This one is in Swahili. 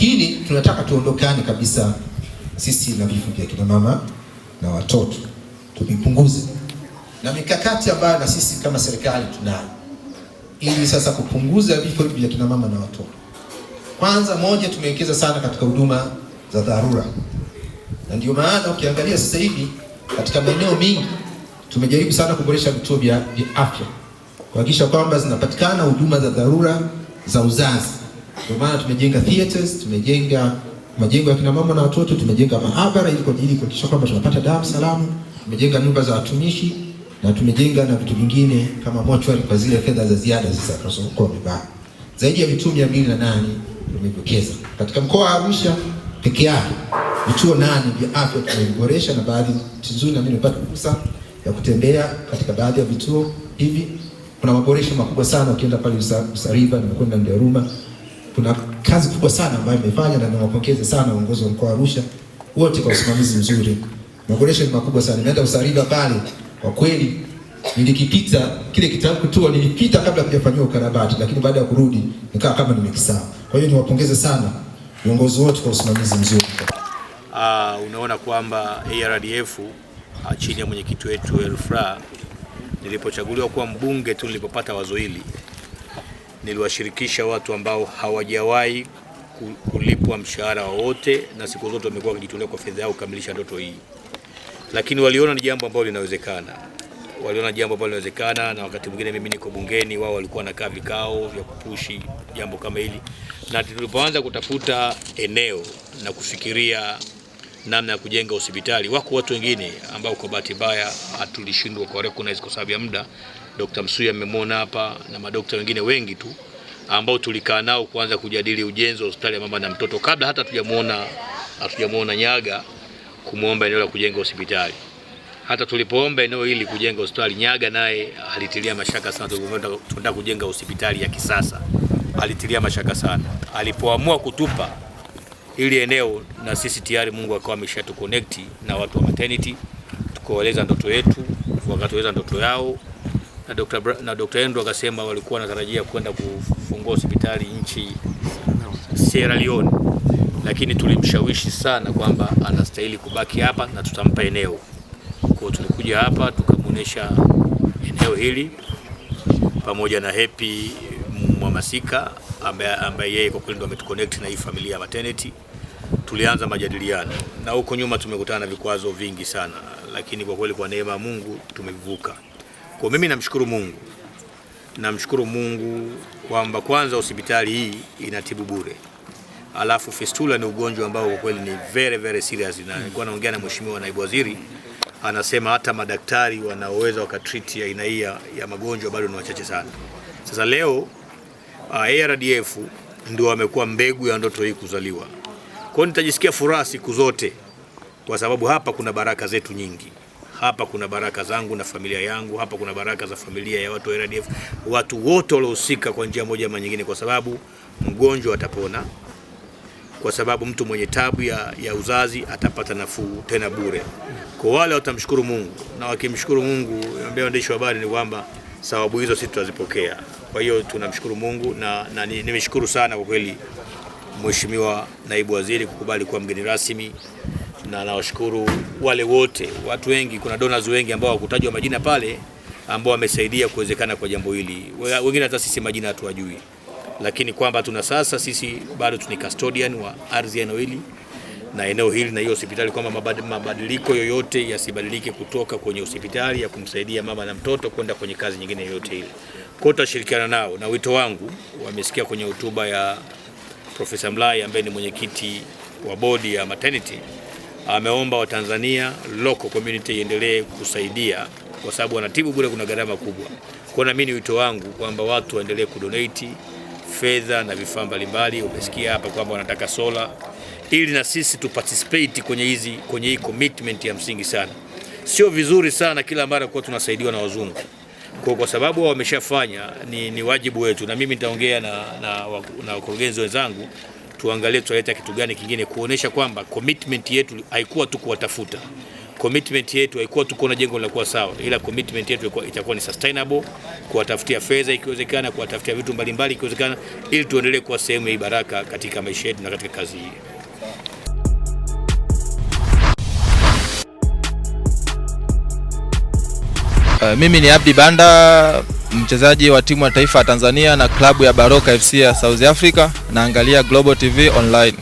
lakini tunataka tuondokane kabisa sisi na vifo vya kina mama na watoto, tuvipunguze, na mikakati ambayo na sisi kama serikali tunayo ili sasa kupunguza vifo hivi vya kina mama na watoto. Kwanza, moja, tumewekeza sana katika huduma za dharura, na ndio maana ukiangalia sasa hivi katika maeneo mingi tumejaribu sana kuboresha vituo vya afya kuhakikisha kwamba zinapatikana huduma za dharura za uzazi ndio maana tumejenga theaters, tumejenga majengo ya kina mama na watoto, tumejenga maabara ili kwa ajili kuhakikisha kwamba tunapata damu salamu, tumejenga nyumba za watumishi na tumejenga na vitu vingine kama mortuary kwa zile fedha za ziada zilizokuwa mibaa. Zaidi ya vituo 208 tumewekeza katika mkoa wa Arusha peke yake. Vituo nane vya afya tumeboresha, na baadhi nzuri, na mimi nimepata fursa ya kutembea katika baadhi ya vituo hivi. Kuna maboresho makubwa sana, ukienda pale Usariva, nimekwenda Nderuma kuna kazi kubwa sana ambayo imefanya na nawapongeze sana uongozi wa mkoa wa Arusha wote kwa usimamizi mzuri. Maboresho ni makubwa sana. Nimeenda usariba pale kwa kweli nilikipita kile kitabu tu nilipita kabla hakijafanyiwa ukarabati, lakini baada ya kurudi nikaa kama nimekisaa. Kwa hiyo niwapongeze sana uongozi wote kwa usimamizi mzuri. Uh, unaona kwamba ARDF uh, ah, chini ya mwenyekiti wetu Elfra nilipochaguliwa kuwa mbunge tu nilipopata wazo hili niliwashirikisha watu ambao hawajawahi kulipwa mshahara wowote na siku zote wamekuwa wakijitolea kwa fedha yao kukamilisha ndoto hii, lakini waliona ni jambo ambalo linawezekana, waliona jambo ambalo linawezekana. Na wakati mwingine mimi niko bungeni, wao walikuwa wanakaa vikao vya kupushi jambo kama hili, na tulipoanza kutafuta eneo na kufikiria namna ya kujenga hospitali, wako watu wengine ambao kwa bahati mbaya hatulishindwa ku recognize kwa sababu ya muda Dr. Msuya mmemwona hapa na madokta wengine wengi tu ambao tulikaa nao kuanza kujadili ujenzi wa hospitali ya mama na mtoto kabla hata hatujamuona hatujamuona Nyaga kumwomba eneo la kujenga hospitali. Hata tulipoomba eneo hili kujenga hospitali, Nyaga naye alitilia mashaka sana. Tunataka kujenga hospitali ya kisasa, alitilia mashaka sana. Alipoamua kutupa ili eneo, na sisi tayari Mungu akawa ameshatuconnect na watu wa maternity, tukoeleza ndoto yetu, wakatueleza ndoto yao na Dr. Bra na Dr. Endo akasema walikuwa wanatarajia kwenda kufungua hospitali nchi Sierra Leone, lakini tulimshawishi sana kwamba anastahili kubaki hapa na tutampa eneo. Kwa hiyo tulikuja hapa tukamuonesha eneo hili pamoja na Happy Mwamasika ambaye ambaye yeye kwa kweli ndo ametuconnect na hii familia ya maternity. Tulianza majadiliano na huko nyuma tumekutana na vikwazo vingi sana, lakini kwa kweli kwa neema ya Mungu tumevuka. Kwa mimi namshukuru Mungu, namshukuru Mungu kwamba kwanza hospitali hii inatibu bure, alafu fistula ni ugonjwa ambao kwa kweli ni very very serious, na nilikuwa naongea na mheshimiwa naibu waziri anasema hata madaktari wanaoweza wakatriti aina hii ya, ya magonjwa bado ni wachache sana. Sasa leo uh, ARDF ndio amekuwa mbegu ya ndoto hii kuzaliwa. Kwa hiyo nitajisikia furaha siku zote, kwa sababu hapa kuna baraka zetu nyingi hapa kuna baraka zangu na familia yangu, hapa kuna baraka za familia ya watu wa RDF, watu wote waliohusika kwa njia moja ama nyingine, kwa sababu mgonjwa atapona, kwa sababu mtu mwenye tabu ya, ya uzazi atapata nafuu tena bure. Kwa wale watamshukuru Mungu na wakimshukuru Mungu, niambia waandishi wa habari, ni kwamba sababu hizo sisi tutazipokea. Kwa hiyo tunamshukuru Mungu na, na nimeshukuru sana kwa kweli Mheshimiwa Naibu Waziri kukubali kuwa mgeni rasmi na nawashukuru wale wote, watu wengi, kuna donors wengi ambao hawakutajwa majina pale ambao wamesaidia kuwezekana kwa jambo hili. Wengine hata sisi majina hatuwajui, lakini kwamba tuna sasa sisi bado tuni custodian wa ardhi ya eneo hili na eneo hili na hiyo hospitali, kwamba mabadiliko yoyote yasibadilike kutoka kwenye hospitali ya kumsaidia mama na mtoto kwenda kwenye kazi nyingine yoyote ile. Kwa tutashirikiana nao, na wito wangu wamesikia kwenye hotuba ya Profesa Mlai ambaye ni mwenyekiti wa bodi ya maternity ameomba Watanzania local community iendelee kusaidia kwa sababu wanatibu bure, kuna gharama kubwa. Kwa na mimi wito wangu kwamba watu waendelee kudonate fedha na vifaa mbalimbali. Umesikia hapa kwamba wanataka sola, ili na sisi tu participate kwenye hizi kwenye hii commitment ya msingi sana. Sio vizuri sana kila mara kuwa tunasaidiwa na wazungu kwa, kwa sababu wameshafanya ni, ni wajibu wetu, na mimi nitaongea na, na, na wakurugenzi wenzangu tuangalie tutaleta kitu gani kingine kuonesha kwamba commitment yetu haikuwa tu kuwatafuta. Commitment yetu haikuwa tu kuona jengo linakuwa sawa, ila commitment yetu itakuwa ni sustainable, kuwatafutia fedha ikiwezekana, kuwatafutia vitu mbalimbali ikiwezekana, ili tuendelee kuwa sehemu ya baraka katika maisha yetu na katika kazi hii. Uh, mimi ni Abdi Banda mchezaji wa timu ya taifa ya Tanzania na klabu ya Baroka FC ya South Africa, Naangalia Global TV Online.